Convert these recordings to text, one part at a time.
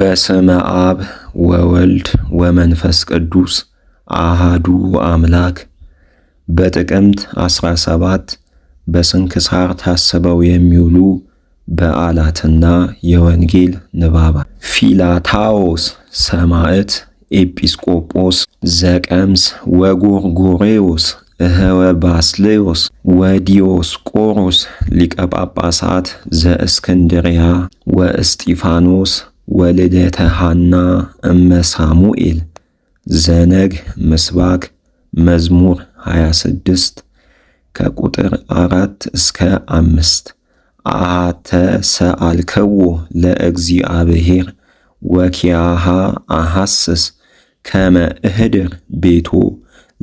በስመ አብ ወወልድ ወመንፈስ ቅዱስ አሃዱ አምላክ። በጥቅምት 17 በስንክሳር ታስበው የሚውሉ በዓላትና የወንጌል ንባባ ፊላታዎስ ሰማዕት፣ ኤጲስቆጶስ ዘቀምስ ወጎርጎሬዎስ እህወ ባስሌዎስ ወዲዮስቆሮስ ሊቀ ጳጳሳት ዘእስክንድሪያ ወእስጢፋኖስ ወልደተ ሐና እመ ሳሙኤል ዘነግ ምስባክ መዝሙር 26 ከቁጥር አራት እስከ አምስት አተ ሰአልከዎ ለእግዚአብሔር ወኪያሃ አሐስስ ከመ እህድር ቤቶ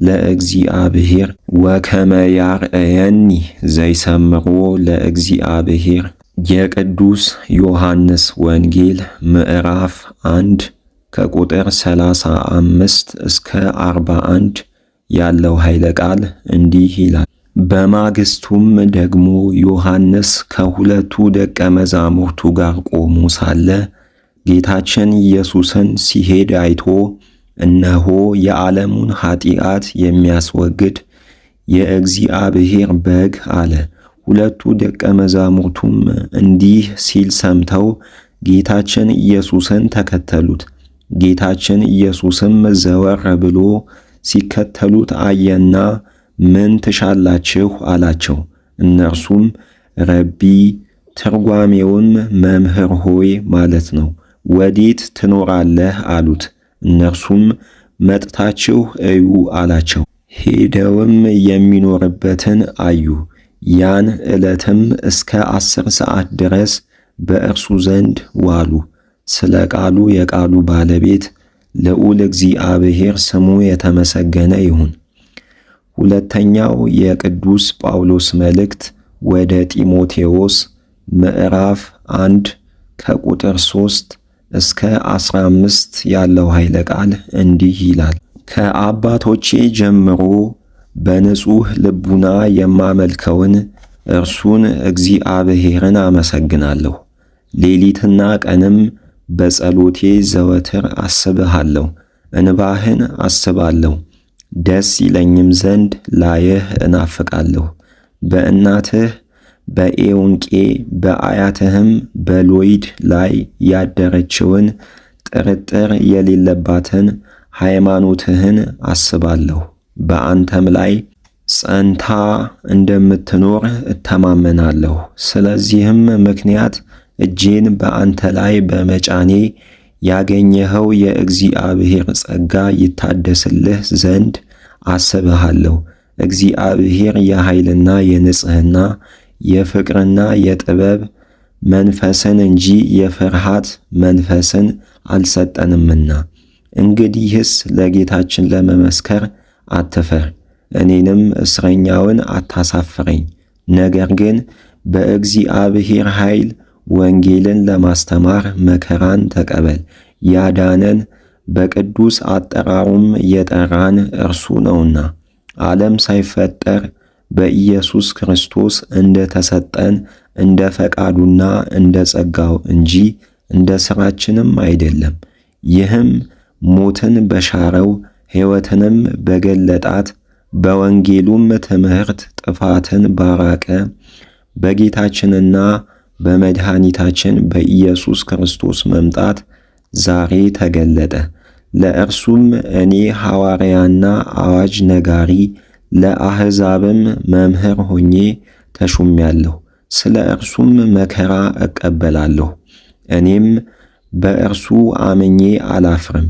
ለእግዚአብሔር ወከመ ያርአየኒ ዘይሰምርዎ ለእግዚአብሔር የቅዱስ ዮሐንስ ወንጌል ምዕራፍ አንድ ከቁጥር 35 እስከ 41 ያለው ኃይለ ቃል እንዲህ ይላል። በማግስቱም ደግሞ ዮሐንስ ከሁለቱ ደቀ መዛሙርቱ ጋር ቆሞ ሳለ ጌታችን ኢየሱስን ሲሄድ አይቶ እነሆ የዓለሙን ኃጢአት የሚያስወግድ የእግዚአብሔር በግ አለ። ሁለቱ ደቀ መዛሙርቱም እንዲህ ሲል ሰምተው ጌታችን ኢየሱስን ተከተሉት። ጌታችን ኢየሱስም ዘወር ብሎ ሲከተሉት አየና ምን ትሻላችሁ አላቸው። እነርሱም ረቢ ትርጓሜውም መምህር ሆይ ማለት ነው፣ ወዴት ትኖራለህ አሉት። እነርሱም መጥታችሁ እዩ አላቸው። ሄደውም የሚኖርበትን አዩ። ያን ዕለትም እስከ ዐሥር ሰዓት ድረስ በእርሱ ዘንድ ዋሉ። ስለ ቃሉ የቃሉ ባለቤት ልዑል እግዚአብሔር ስሙ የተመሰገነ ይሁን። ሁለተኛው የቅዱስ ጳውሎስ መልእክት ወደ ጢሞቴዎስ ምዕራፍ አንድ ከቁጥር ሦስት እስከ 15 አምስት ያለው ኃይለ ቃል እንዲህ ይላል ከአባቶቼ ጀምሮ በንጹህ ልቡና የማመልከውን እርሱን እግዚአብሔርን አመሰግናለሁ። ሌሊትና ቀንም በጸሎቴ ዘወትር አስብሃለሁ፣ እንባህን አስባለሁ። ደስ ይለኝም ዘንድ ላይህ እናፍቃለሁ። በእናትህ በኤውንቄ በአያትህም በሎይድ ላይ ያደረችውን ጥርጥር የሌለባትን ሃይማኖትህን አስባለሁ። በአንተም ላይ ጸንታ እንደምትኖር እተማመናለሁ። ስለዚህም ምክንያት እጄን በአንተ ላይ በመጫኔ ያገኘኸው የእግዚአብሔር ጸጋ ይታደስልህ ዘንድ አስብሃለሁ። እግዚአብሔር የኃይልና የንጽህና የፍቅርና የጥበብ መንፈስን እንጂ የፍርሃት መንፈስን አልሰጠንምና። እንግዲህስ ለጌታችን ለመመስከር አትፈር፣ እኔንም እስረኛውን አታሳፍረኝ። ነገር ግን በእግዚአብሔር ኃይል ወንጌልን ለማስተማር መከራን ተቀበል። ያዳነን በቅዱስ አጠራሩም የጠራን እርሱ ነውና ዓለም ሳይፈጠር በኢየሱስ ክርስቶስ እንደ ተሰጠን እንደ ፈቃዱና እንደ ጸጋው እንጂ እንደ ሥራችንም አይደለም። ይህም ሞትን በሻረው ሕይወትንም በገለጣት በወንጌሉም ትምህርት ጥፋትን ባራቀ በጌታችንና በመድኃኒታችን በኢየሱስ ክርስቶስ መምጣት ዛሬ ተገለጠ። ለእርሱም እኔ ሐዋርያና አዋጅ ነጋሪ ለአሕዛብም መምህር ሆኜ ተሹሜያለሁ። ስለ እርሱም መከራ እቀበላለሁ። እኔም በእርሱ አምኜ አላፍርም።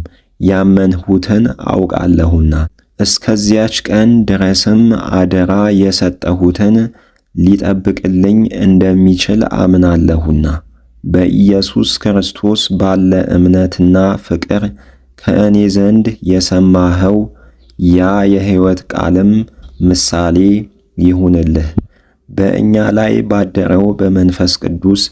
ያመንሁትን አውቃለሁና እስከዚያች ቀን ድረስም አደራ የሰጠሁትን ሊጠብቅልኝ እንደሚችል አምናለሁና በኢየሱስ ክርስቶስ ባለ እምነትና ፍቅር ከእኔ ዘንድ የሰማኸው ያ የሕይወት ቃልም ምሳሌ ይሁንልህ። በእኛ ላይ ባደረው በመንፈስ ቅዱስ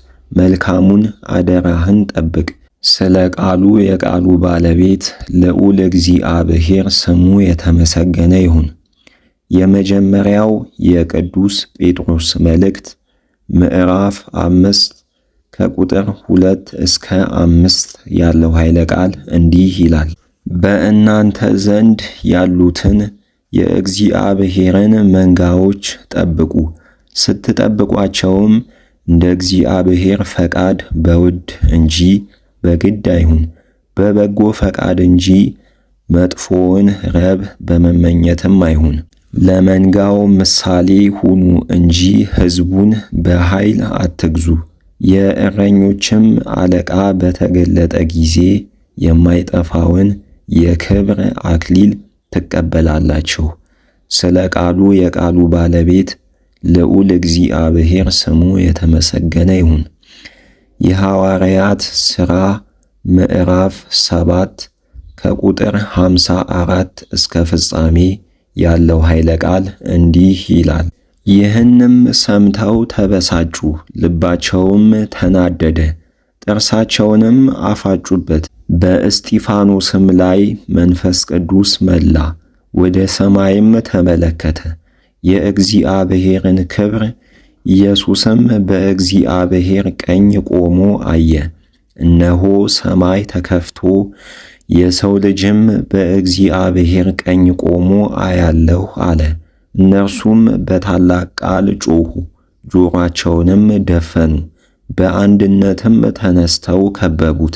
መልካሙን አደራህን ጠብቅ። ስለ ቃሉ የቃሉ ባለቤት ልዑል እግዚአብሔር ስሙ የተመሰገነ ይሁን። የመጀመሪያው የቅዱስ ጴጥሮስ መልእክት ምዕራፍ አምስት ከቁጥር ሁለት እስከ አምስት ያለው ኃይለ ቃል እንዲህ ይላል። በእናንተ ዘንድ ያሉትን የእግዚአብሔርን መንጋዎች ጠብቁ፣ ስትጠብቋቸውም እንደ እግዚአብሔር ፈቃድ በውድ እንጂ በግድ አይሁን፣ በበጎ ፈቃድ እንጂ መጥፎውን ረብ በመመኘትም አይሁን። ለመንጋው ምሳሌ ሁኑ እንጂ ሕዝቡን በኃይል አትግዙ። የእረኞችም አለቃ በተገለጠ ጊዜ የማይጠፋውን የክብር አክሊል ትቀበላላችሁ። ስለ ቃሉ የቃሉ ባለቤት ልዑል እግዚአብሔር ስሙ የተመሰገነ ይሁን። የሐዋርያት ሥራ ምዕራፍ ሰባት ከቁጥር አራት እስከ ፍጻሜ ያለው ኃይለ ቃል እንዲህ ይላል። ይህንም ሰምተው ተበሳጩ፣ ልባቸውም ተናደደ፣ ጥርሳቸውንም አፋጩበት። በእስጢፋኖስም ላይ መንፈስ ቅዱስ መላ። ወደ ሰማይም ተመለከተ፣ የእግዚአብሔርን ክብር ኢየሱስም በእግዚአብሔር ቀኝ ቆሞ አየ፣ እነሆ ሰማይ ተከፍቶ የሰው ልጅም በእግዚአብሔር ቀኝ ቆሞ አያለሁ አለ። እነርሱም በታላቅ ቃል ጮኹ፣ ጆሮአቸውንም ደፈኑ፣ በአንድነትም ተነስተው ከበቡት።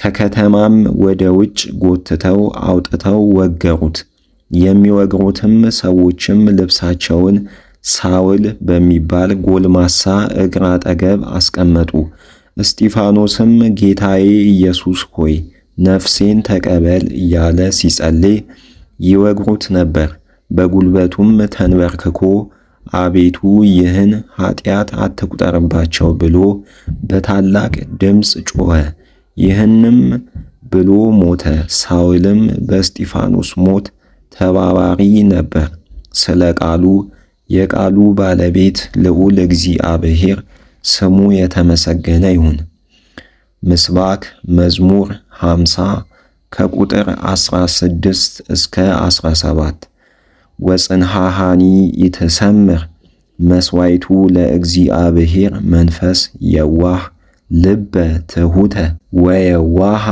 ከከተማም ወደ ውጭ ጎትተው አውጥተው ወገሩት። የሚወግሩትም ሰዎችም ልብሳቸውን ሳውል በሚባል ጎልማሳ እግር አጠገብ አስቀመጡ። እስጢፋኖስም ጌታዬ ኢየሱስ ሆይ ነፍሴን ተቀበል እያለ ሲጸልይ ይወግሩት ነበር። በጉልበቱም ተንበርክኮ አቤቱ ይህን ኃጢአት አትቁጠርባቸው ብሎ በታላቅ ድምፅ ጮኸ። ይህንም ብሎ ሞተ። ሳውልም በእስጢፋኖስ ሞት ተባባሪ ነበር። ስለ ቃሉ የቃሉ ባለቤት ልዑል እግዚአብሔር ስሙ የተመሰገነ ይሁን። ምስባክ መዝሙር 50 ከቁጥር 16 እስከ 17 ወጽንሃሃኒ ይትሰምር መስዋይቱ ለእግዚአብሔር መንፈስ የዋህ ልበ ትሑተ ወየዋሃ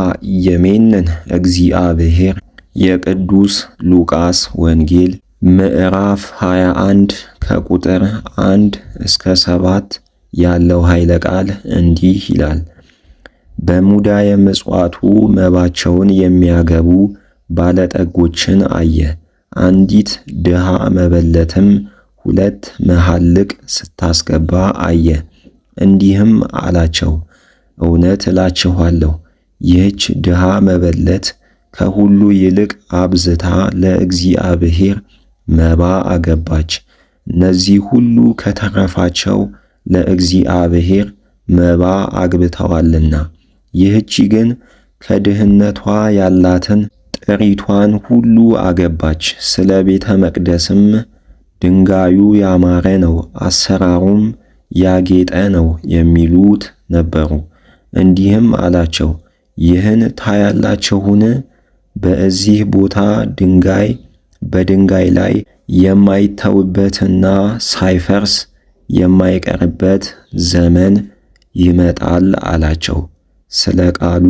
የሜንን እግዚአብሔር የቅዱስ ሉቃስ ወንጌል ምዕራፍ 21 ከቁጥር 1 እስከ 7 ያለው ኃይለ ቃል እንዲህ ይላል። በሙዳየ ምጽዋቱ መባቸውን የሚያገቡ ባለጠጎችን አየ። አንዲት ድሃ መበለትም ሁለት መሐልቅ ስታስገባ አየ። እንዲህም አላቸው፣ እውነት እላችኋለሁ ይህች ድሃ መበለት ከሁሉ ይልቅ አብዝታ ለእግዚአብሔር መባ አገባች። እነዚህ ሁሉ ከተረፋቸው ለእግዚአብሔር መባ አግብተዋልና፣ ይህቺ ግን ከድህነቷ ያላትን ጥሪቷን ሁሉ አገባች። ስለ ቤተ መቅደስም ድንጋዩ ያማረ ነው፣ አሰራሩም ያጌጠ ነው የሚሉት ነበሩ። እንዲህም አላቸው፣ ይህን ታያላችሁን? በዚህ ቦታ ድንጋይ በድንጋይ ላይ የማይተውበትና ሳይፈርስ የማይቀርበት ዘመን ይመጣል አላቸው። ስለ ቃሉ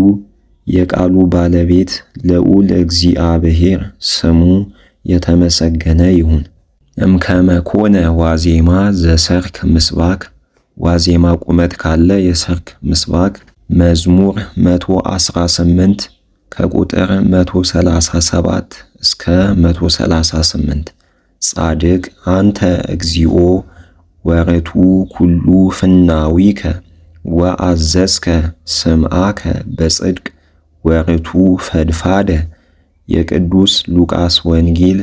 የቃሉ ባለቤት ልዑል እግዚአብሔር ስሙ የተመሰገነ ይሁን። እምከመ ኮነ ዋዜማ ዘሰርክ ምስባክ ዋዜማ ቁመት ካለ የሰርክ ምስባክ መዝሙር 118 ከቁጥር 137 እስከ 138 ጻድቅ አንተ እግዚኦ ወርቱ ኩሉ ፍናዊከ ወአዘዝከ ስምአከ በጽድቅ ወርቱ ፈድፋደ የቅዱስ ሉቃስ ወንጌል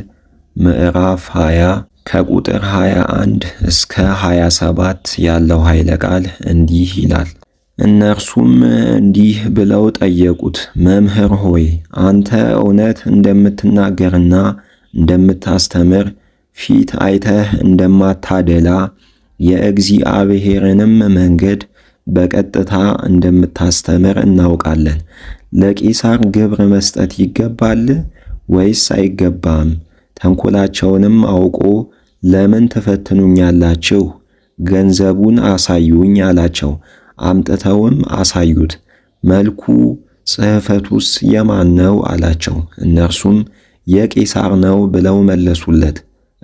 ምዕራፍ 20 ከቁጥር 21 እስከ 27 ያለው ኃይለ ቃል እንዲህ ይላል። እነርሱም እንዲህ ብለው ጠየቁት፣ መምህር ሆይ አንተ እውነት እንደምትናገርና እንደምታስተምር ፊት አይተህ እንደማታደላ የእግዚአብሔርንም መንገድ በቀጥታ እንደምታስተምር እናውቃለን። ለቄሳር ግብር መስጠት ይገባል ወይስ አይገባም? ተንኮላቸውንም አውቆ ለምን ትፈትኑኛላችሁ? ገንዘቡን አሳዩኝ አላቸው። አምጥተውም አሳዩት። መልኩ ጽሕፈቱስ የማን ነው አላቸው። እነርሱም የቄሳር ነው ብለው መለሱለት።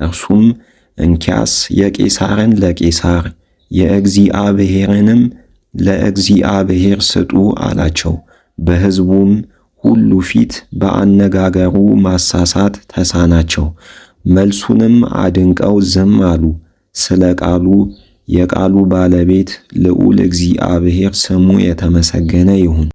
እርሱም እንኪያስ የቄሳርን ለቄሳር የእግዚአብሔርንም ለእግዚአብሔር ስጡ አላቸው። በሕዝቡም ሁሉ ፊት በአነጋገሩ ማሳሳት ተሳናቸው። መልሱንም አድንቀው ዝም አሉ። ስለ ቃሉ የቃሉ ባለቤት ልዑል እግዚአብሔር ስሙ የተመሰገነ ይሁን።